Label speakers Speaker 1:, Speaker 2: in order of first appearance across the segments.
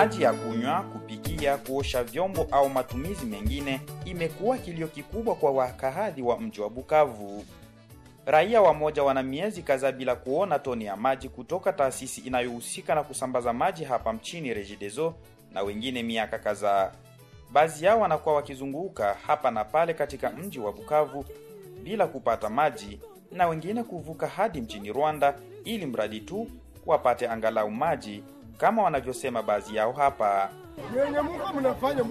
Speaker 1: maji ya kunywa, kupikia, kuosha vyombo au matumizi mengine imekuwa kilio kikubwa kwa wakahadhi wa mji wa Bukavu. Raia wamoja wana miezi kadhaa bila kuona toni ya maji kutoka taasisi inayohusika na kusambaza maji hapa mchini rejidezo na wengine miaka kadhaa. Baadhi yao wanakuwa wakizunguka hapa na pale katika mji wa Bukavu bila kupata maji, na wengine kuvuka hadi mjini Rwanda ili mradi tu wapate angalau maji kama wanavyosema baadhi yao hapa.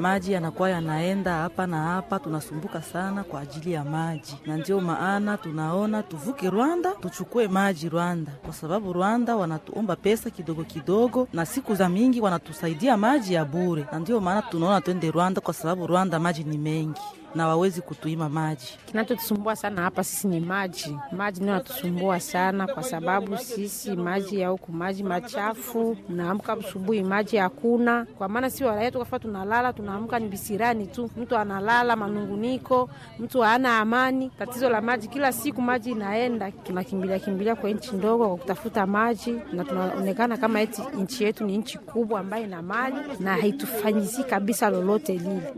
Speaker 2: Maji yanakuwa yanaenda hapa na hapa, tunasumbuka sana kwa ajili ya maji, na ndio maana tunaona tuvuke Rwanda tuchukue maji Rwanda, kwa sababu Rwanda wanatuomba pesa kidogo kidogo, na siku za mingi wanatusaidia maji ya bure, na ndio maana tunaona twende Rwanda, kwa sababu Rwanda maji ni mengi na wawezi kutuima maji. Kinachotusumbua sana hapa sisi ni maji, maji ndio natusumbua sana kwa sababu sisi maji ya huku maji machafu, naamka asubuhi maji hakuna, kwa maana si waraia tukafaa tunalala tunaamka ni bisirani tu, mtu analala manunguniko, mtu hana amani. Tatizo la maji kila siku maji inaenda, tunakimbilia kimbilia kwa nchi ndogo kwa kutafuta maji, na tunaonekana kama eti nchi yetu ni nchi kubwa ambayo ina mali na haitufanyizii kabisa lolote lile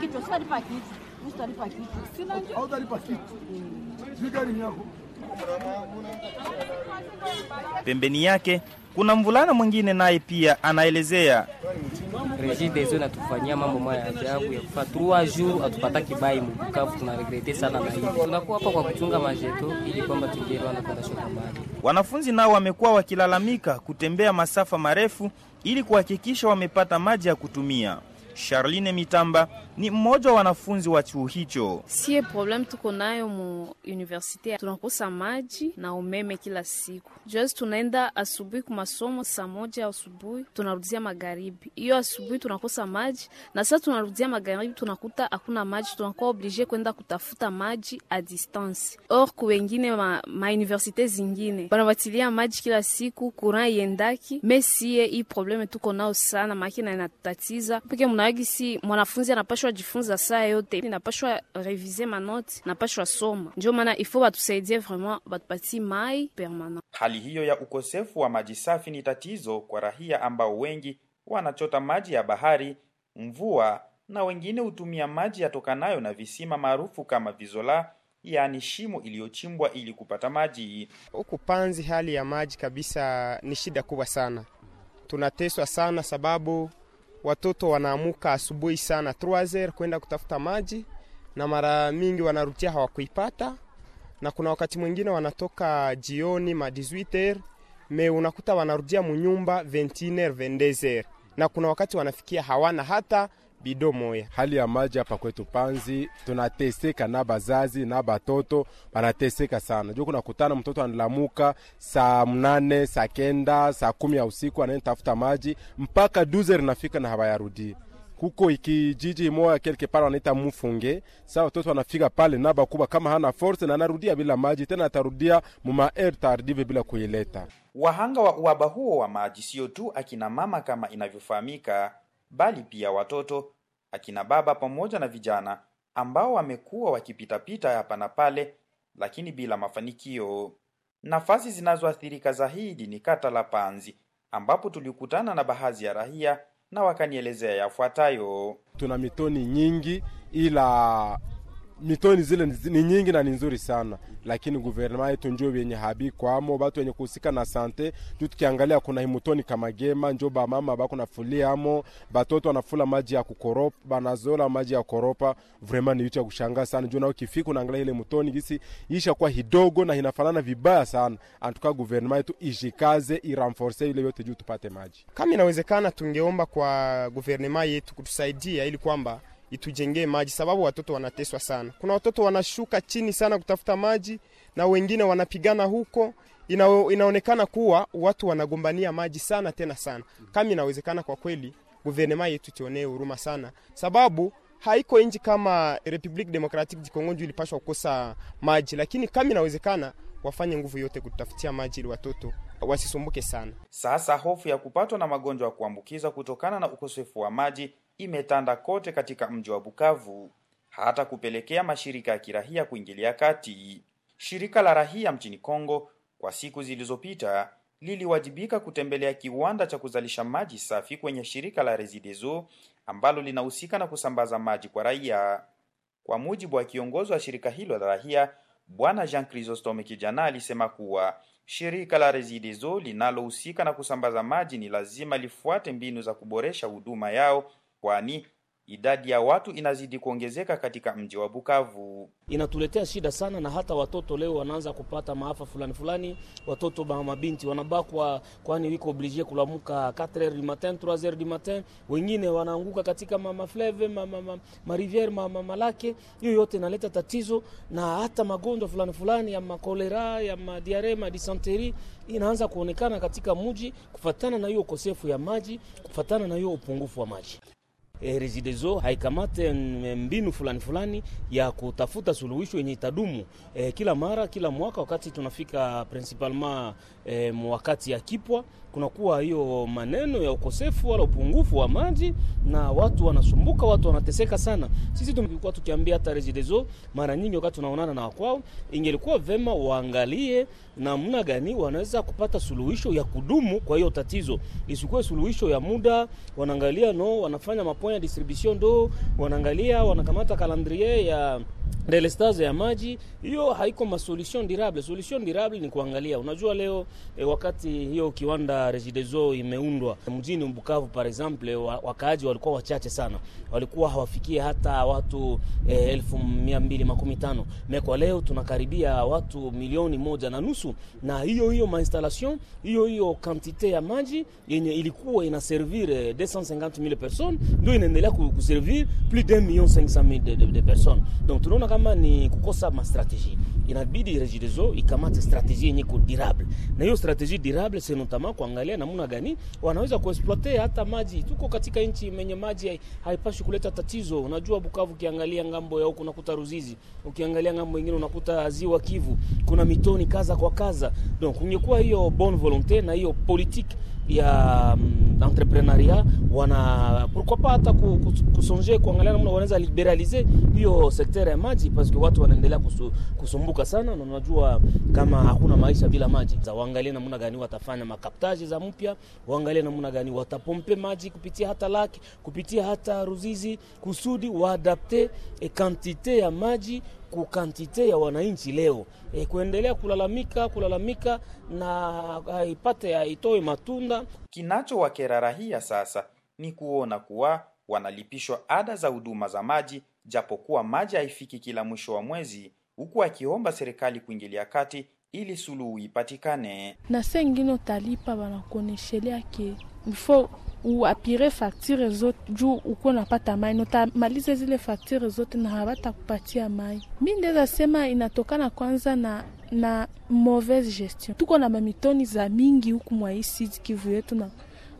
Speaker 2: sitalipa kitu. Mimi sitalipa kitu. Sina njoo. kitu. yako.
Speaker 1: Pembeni yake kuna mvulana mwingine naye pia anaelezea
Speaker 3: Regideso inatufanyia mambo maya ajabu ya kufa trois jours tunaregrete sana na hivi tunakuwa hapa kwa kuchunga majeto ili kwamba tungeelewa
Speaker 2: na kwenda shota mbali.
Speaker 1: Wanafunzi nao wamekuwa wakilalamika kutembea masafa marefu ili kuhakikisha wamepata maji ya kutumia. Charline Mitamba ni mmoja wa wanafunzi wa chuo hicho.
Speaker 2: Sie problem tuko nayo mu universite, tunakosa maji na umeme kila siku. Just tunaenda asubuhi kwa masomo saa moja asubuhi, tunarudia magharibi. Hiyo asubuhi tunakosa maji, na sasa tunarudia magharibi, tunakuta hakuna maji, tunakuwa oblige kwenda kutafuta maji a distance. Or ku wengine ma, ma universite zingine banabatilia maji kila siku, kuran yendaki. sie hii problem tuko nao sana, makina inatatiza peke muna na gisi mwanafunzi anapashwa jifunza saa yote, napashwa revize manoti, napashwa soma. Ndio maana ifo batusaidie vraiment, batupatie mai permanent.
Speaker 1: Hali hiyo ya ukosefu wa maji safi ni tatizo kwa rahia ambao wengi wanachota maji ya bahari, mvua na wengine hutumia maji yatokanayo na visima maarufu kama vizola, yaani shimo iliyochimbwa ili kupata maji.
Speaker 3: Huku Panzi hali ya maji kabisa ni shida kubwa sana, tunateswa sana sababu watoto wanaamuka asubuhi sana 3h kwenda kutafuta maji, na mara mingi wanarutia hawakuipata, na kuna wakati mwingine wanatoka jioni ma 18h me unakuta wanarudia munyumba 21h 22h,
Speaker 4: na kuna wakati wanafikia hawana hata bido moya. Eh. Hali ya maji hapa kwetu Panzi tunateseka, na bazazi na batoto banateseka sana juu kutana mtoto analamuka saa mnane saa kenda saa kumi ya usiku anaenda tafuta maji mpaka duze linafika na habayarudi kuko ikijiji moya kelke pale wanaita Mufunge. Sasa watoto wanafika pale na bakubwa, kama hana force na anarudia bila maji tena, atarudia air tardive bila kuileta.
Speaker 1: Wahanga wa uhaba huo wa maji sio tu akina mama kama inavyofahamika bali pia watoto, akina baba pamoja na vijana ambao wamekuwa wakipitapita hapa na pale, lakini bila mafanikio. Nafasi zinazoathirika zaidi ni kata la Panzi, ambapo tulikutana na bahazi ya rahia na wakanielezea yafuatayo.
Speaker 4: Tuna mitoni nyingi ila mitoni zile ni nyingi na ni nzuri sana, lakini guvernema yetu njo yenye habi kwamo batu wenye kuhusika na sante juu. Tukiangalia kuna himutoni kama gema njo ba mama bako amo batoto wanafula maji ya kukoropa, banazola maji ya koropa. vrema ni vitu ya kushangaa sana juu, nao kifika unaangalia ile mutoni gisi isha kwa hidogo na inafanana vibaya sana. Antuka guvernema yetu ishikaze, iramforce ile yote juu tupate maji.
Speaker 3: Kama inawezekana, tungeomba kwa guvernema yetu kutusaidia ili kwamba itujengee maji, sababu watoto wanateswa sana. Kuna watoto wanashuka chini sana kutafuta maji na wengine wanapigana huko. Ina, inaonekana kuwa watu wanagombania maji sana tena sana. Kama inawezekana kwa kweli, guvernema yetu tionee huruma sana, sababu haiko nji kama Republic Democratic du Congo ilipashwa kukosa maji, lakini kama inawezekana wafanye nguvu yote kutafutia maji ili watoto wasisumbuke
Speaker 1: sana. Sasa hofu ya kupatwa na magonjwa ya kuambukiza kutokana na ukosefu wa maji imetanda kote katika mji wa Bukavu hata kupelekea mashirika ya kirahia kuingilia kati. Shirika la rahia mchini Kongo kwa siku zilizopita liliwajibika kutembelea kiwanda cha kuzalisha maji safi kwenye shirika la Rezidezo ambalo linahusika na kusambaza maji kwa raia. Kwa mujibu wa kiongozi wa shirika hilo la rahia Bwana Jean Chrysostome Kijana alisema kuwa shirika la Rezidezo linalohusika na kusambaza maji ni lazima lifuate mbinu za kuboresha huduma yao kwani idadi ya watu inazidi kuongezeka katika mji wa Bukavu.
Speaker 2: Inatuletea shida sana, na hata watoto leo wanaanza kupata maafa fulani fulani. Watoto ba mabinti wanabakwa, kwani wiko oblige kulamuka 4h du matin 3h du matin, wengine wanaanguka katika mama fleve mama, mariviere mama Hiyo yote inaleta tatizo, na hata magonjwa fulani fulani ya makolera ya madiare disanteri inaanza kuonekana katika mji, kufatana na hiyo ukosefu ya maji, kufatana na hiyo upungufu wa maji eh, Regideso haikamate mbinu fulani fulani ya kutafuta suluhisho yenye itadumu eh, kila mara kila mwaka, wakati tunafika principalement eh, wakati ya kipwa kunakuwa hiyo maneno ya ukosefu wala upungufu wa maji, na watu wanasumbuka, watu wanateseka sana. Sisi tumekuwa tukiambia hata Regideso mara nyingi, wakati tunaonana na wakwao, ingelikuwa vema waangalie namna gani wanaweza kupata suluhisho ya kudumu kwa hiyo tatizo, isikuwe suluhisho ya muda. Wanaangalia no, wanafanya mapo wanafanya distribution do wanaangalia wanakamata calendrier ya delestage ya maji hiyo haiko masolution durable. Solution durable ni kuangalia, unajua leo e, wakati hiyo kiwanda Regideso imeundwa mjini Bukavu par exemple, wakaaji walikuwa wachache sana, walikuwa hawafikie hata watu e, elfu mia mbili makumi tano mekwa leo tunakaribia watu milioni moja na nusu, na hiyo hiyo mainstallation hiyo hiyo kantite ya maji yenye ilikuwa ina servir 250000 eh, personnes ndio inaendelea kuservir plus de 1500000 de personnes donc Naona kama ni kukosa ma Inabidi Regideso ikamate strategie yenye ko durable, na hiyo strategie durable c'est notamment kuangalia namna gani wanaweza kuexploiter hata maji. Tuko katika nchi yenye maji haipashi kuleta tatizo. Unajua Bukavu, ukiangalia ngambo ya huko unakuta Ruzizi, ukiangalia ngambo nyingine unakuta Ziwa Kivu, kuna mitoni kaza kwa kaza. Donc ungekuwa hiyo bonne volonté na hiyo politique ya um, mm, entrepreneuria wana pourquoi pas hata kusonje kuangalia namna wanaweza liberalize hiyo sekta ya maji, parce que watu wanaendelea kusu, kusumbuka sana, na unajua kama hakuna maisha bila maji. Za waangalie namna gani watafanya makaptaji za mpya, waangalie namna gani watapompe maji kupitia hata laki kupitia hata Ruzizi kusudi waadapte e eh, quantité ya maji kukantite ya wananchi leo e, kuendelea kulalamika kulalamika na aipate aitoe matunda. Kinachowakera wakerarahia
Speaker 1: sasa ni kuona kuwa wanalipishwa ada za huduma za maji, japokuwa maji haifiki kila mwisho wa mwezi, huku akiomba serikali kuingilia kati ili suluhu ipatikane.
Speaker 2: na sengine utalipa wanakuoneshelea ke before uapire faktire zote juu uko napata mai, utamaliza zile faktire zote na hawatakupatia mai. Mi ndeza sema inatokana kwanza na na mauvaise gestion. Tuko na mamitoni za mingi huku mwaisi Kivu yetu na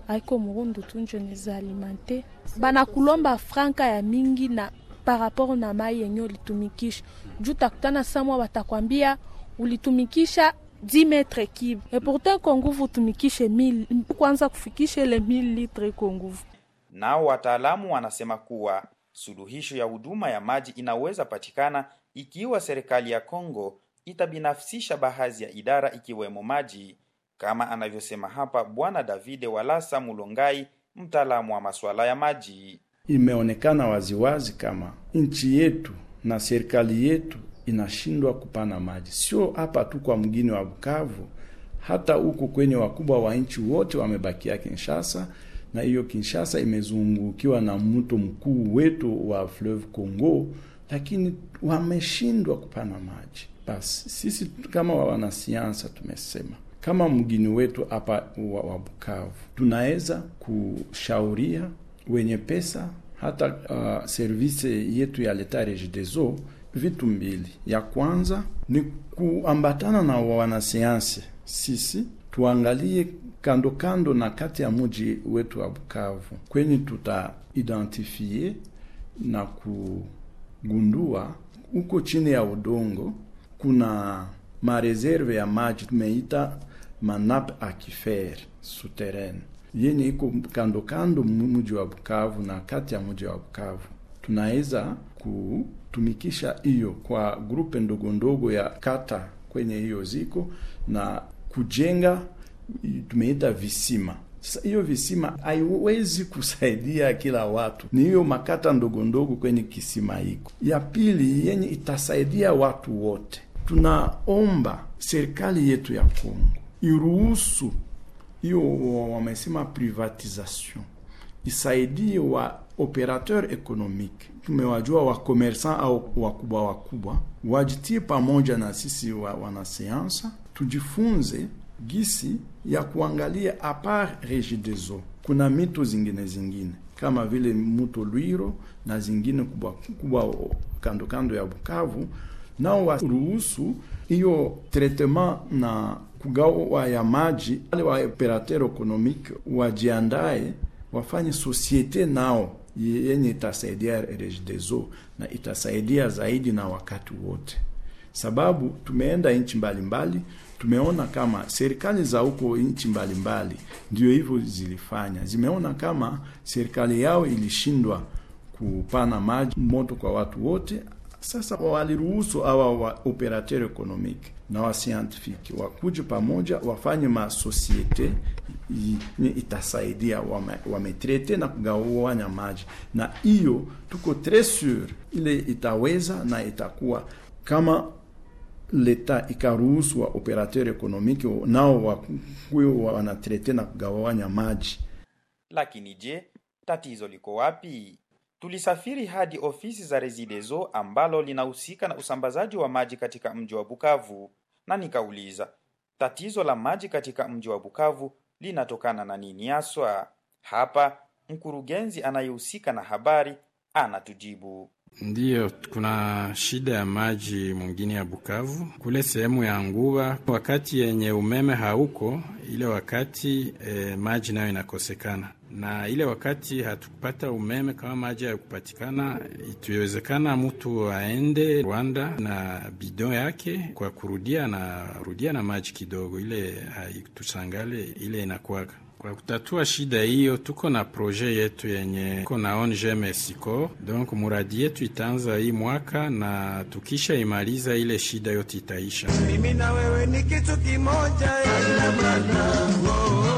Speaker 2: aiko murundu tunjoneza alimante banakulomba franka ya mingi na par rapport na mai yenye ulitumikisha juu takutana samwa, watakwambia ulitumikisha 10 metre kibe. E pourtant kwa nguvu tumikishe mili, kwanza kufikishe ile mili litre kwa nguvu.
Speaker 1: Nao wataalamu wanasema kuwa suluhisho ya huduma ya maji inaweza patikana ikiwa serikali ya Kongo itabinafsisha baadhi ya idara ikiwemo maji, kama anavyosema hapa Bwana Davide Walasa Mulongai, mtaalamu wa masuala ya maji.
Speaker 5: Imeonekana waziwazi kama nchi yetu na serikali yetu inashindwa kupana maji, sio hapa tu kwa mgini wa Bukavu, hata huku kwenye wakubwa wa nchi wote wamebakia Kinshasa, na hiyo Kinshasa imezungukiwa na mto mkuu wetu wa Fleuve Congo, lakini wameshindwa kupana maji. Basi sisi kama wanasayansi tumesema kama mgini wetu hapa wa Bukavu tunaweza kushauria wenye pesa hata uh, servise yetu ya leta Regideso vitu mbili. Ya kwanza ni kuambatana na wanasayansi, sisi tuangalie kando kando na kati ya muji wetu wa Bukavu kwenye tutaidentifie na kugundua huko chini ya udongo kuna mareserve ya maji tumeita manap akifer souterraine yenye iko kando kando muji wa Bukavu na kati ya muji wa Bukavu tunaweza kutumikisha hiyo kwa grupe ndogo ndogo ya kata kwenye hiyo ziko na kujenga tumeita visima. Sasa hiyo visima haiwezi kusaidia kila watu, ni hiyo makata ndogo ndogo kwenye kisima hiko. Ya pili yenye itasaidia watu wote, tunaomba serikali yetu ya Kongo iruhusu hiyo wamesema privatization, isaidie wa operateur economic tumewajua wakomersa au wakubwa wakubwa wajitie pamoja na sisi wa, wanasayansa tujifunze gisi ya kuangalia apart regideso kuna mito zingine zingine kama vile muto Lwiro na zingine kubwa kubwa kando kando ya Bukavu, nao waruhusu hiyo traitement na kugawa ya maji. Wale wa operateur ekonomike wajiandae wafanye societe nao yenye itasaidia Regideso na itasaidia zaidi na wakati wote, sababu tumeenda nchi mbalimbali, tumeona kama serikali za huko nchi mbalimbali ndio hivyo zilifanya, zimeona kama serikali yao ilishindwa kupana maji moto kwa watu wote sasa waliruhusu awa wa operateur economique na wa scientifique wakuje pamoja wafanye masosiete yenye itasaidia wametrete wa na kugawanya maji, na hiyo tuko tres sur ile itaweza na itakuwa kama leta ikaruhusu wa operateur ekonomiki nao wakuyo wanatrete na kugawanya maji.
Speaker 1: Lakini je, tatizo liko wapi? Tulisafiri hadi ofisi za Rezidezo ambalo linahusika na usambazaji wa maji katika mji wa Bukavu na nikauliza tatizo la maji katika mji wa Bukavu linatokana na nini haswa? Hapa mkurugenzi anayehusika na habari anatujibu.
Speaker 4: Ndiyo, kuna shida ya maji mwingine ya Bukavu kule sehemu ya Nguba, wakati yenye umeme hauko ile wakati e, maji nayo inakosekana, na ile wakati hatukupata umeme kama maji hayakupatikana, ituwezekana mtu aende Rwanda na bido yake kwa kurudia na rudia na maji kidogo, ile haitusangale ile inakuwaka kwa kutatua shida hiyo, tuko na proje yetu yenye ko na ONG Mexico. Donc muradi yetu itaanza hii mwaka, na tukisha imaliza ile shida yote itaisha.
Speaker 1: Mimi na wewe ni kitu
Speaker 4: kimoja, oh, oh,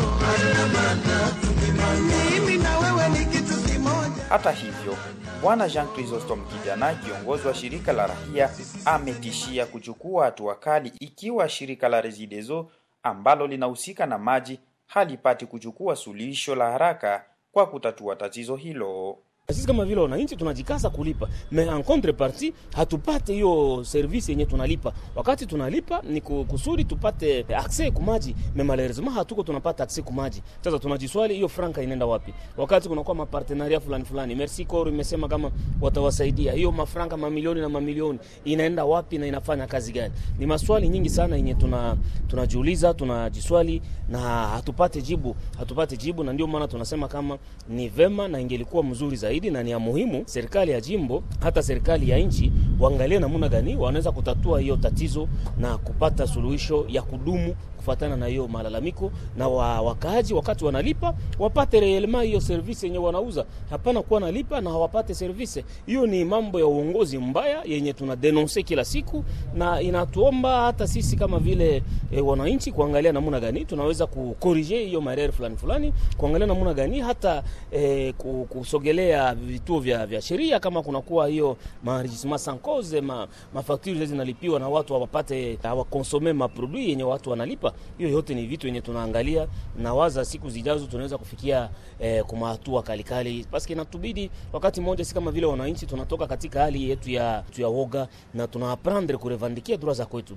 Speaker 4: mimi
Speaker 1: na wewe ni kitu kimoja. Hata hivyo Bwana Jean Chrysostom Kijana, kiongozi wa shirika la rahia, ametishia kuchukua hatua kali ikiwa shirika la Rezidezo ambalo linahusika na maji halipati kuchukua suluhisho la haraka
Speaker 2: kwa kutatua tatizo hilo. Sisi kama vile wananchi tunajikaza kulipa me en contrepartie hatupate hiyo service yenye tunalipa. Wakati tunalipa ni kusudi tupate access ku maji, me malheureusement hatuko tunapata access ku maji. Sasa tunajiswali hiyo franka inaenda wapi? Wakati kunakuwa mapartenaria fulani fulani, Merci Corps imesema kama watawasaidia hiyo mafranka mamilioni na mamilioni, inaenda wapi na inafanya kazi gani? Ni maswali nyingi sana yenye tuna tunajiuliza, tunajiswali na hatupate jibu, hatupate jibu, na ndio maana tunasema kama ni vema na ingelikuwa mzuri zaidi zaidi na ni ya muhimu serikali ya jimbo hata serikali ya nchi waangalie namna gani wanaweza kutatua hiyo tatizo na kupata suluhisho ya kudumu kufatana na hiyo malalamiko na wa, wakaaji wakati wanalipa wapate reelema hiyo service yenye wanauza, hapana kuwa nalipa na hawapate service. Hiyo ni mambo ya uongozi mbaya yenye tuna tunadenonse kila siku, na inatuomba hata sisi kama vile e, wananchi kuangalia namna gani tunaweza kukorije hiyo marere fulani fulani, kuangalia namna gani hata e, kusogelea vituo vya, vya sheria kama kunakuwa hiyo marijisma sankoze ma, mafakturi zinalipiwa na watu hawapate hawakonsome maproduit yenye watu wanalipa hapa. Hiyo yote ni vitu yenye tunaangalia na waza siku zijazo tunaweza kufikia eh, kwa hatua kalikali, paske inatubidi wakati mmoja, si kama vile wananchi tunatoka katika hali yetu ya, ya woga na tunaaprendre kurevandikia dura za kwetu.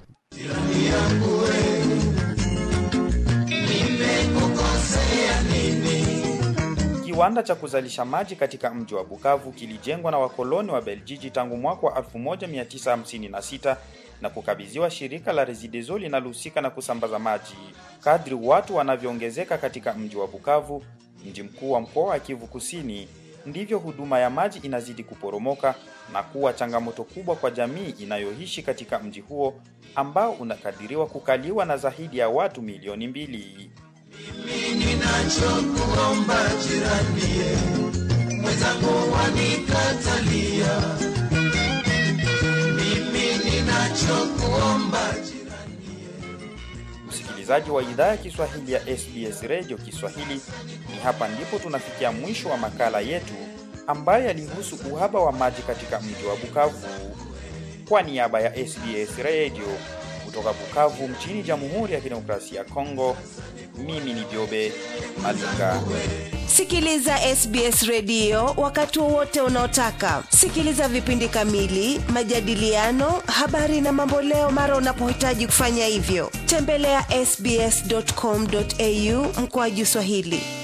Speaker 1: Kiwanda cha kuzalisha maji katika mji wa Bukavu kilijengwa na wakoloni wa Beljiji tangu mwaka wa 1956 na kukabidhiwa shirika la Rezidezo linalohusika na kusambaza maji. Kadri watu wanavyoongezeka katika mji wa Bukavu, mji mkuu wa mkoa wa Kivu Kusini, ndivyo huduma ya maji inazidi kuporomoka na kuwa changamoto kubwa kwa jamii inayoishi katika mji huo ambao unakadiriwa kukaliwa na zaidi ya watu milioni mbili.
Speaker 2: Mimi ninachokuomba jirani, mwenzangu wanikatalia
Speaker 1: Msikilizaji wa idhaa ya Kiswahili ya SBS redio Kiswahili, ni hapa ndipo tunafikia mwisho wa makala yetu ambayo yalihusu uhaba wa maji katika mji wa Bukavu. Kwa niaba ya SBS Radio kutoka Bukavu mchini Jamhuri ya Kidemokrasia ya Kongo, mimi ni Jobe Malika.
Speaker 2: Sikiliza SBS redio wakati wowote unaotaka. Sikiliza vipindi kamili, majadiliano, habari na mambo leo mara unapohitaji kufanya hivyo. Tembelea sbs.com.au mkoaji Swahili.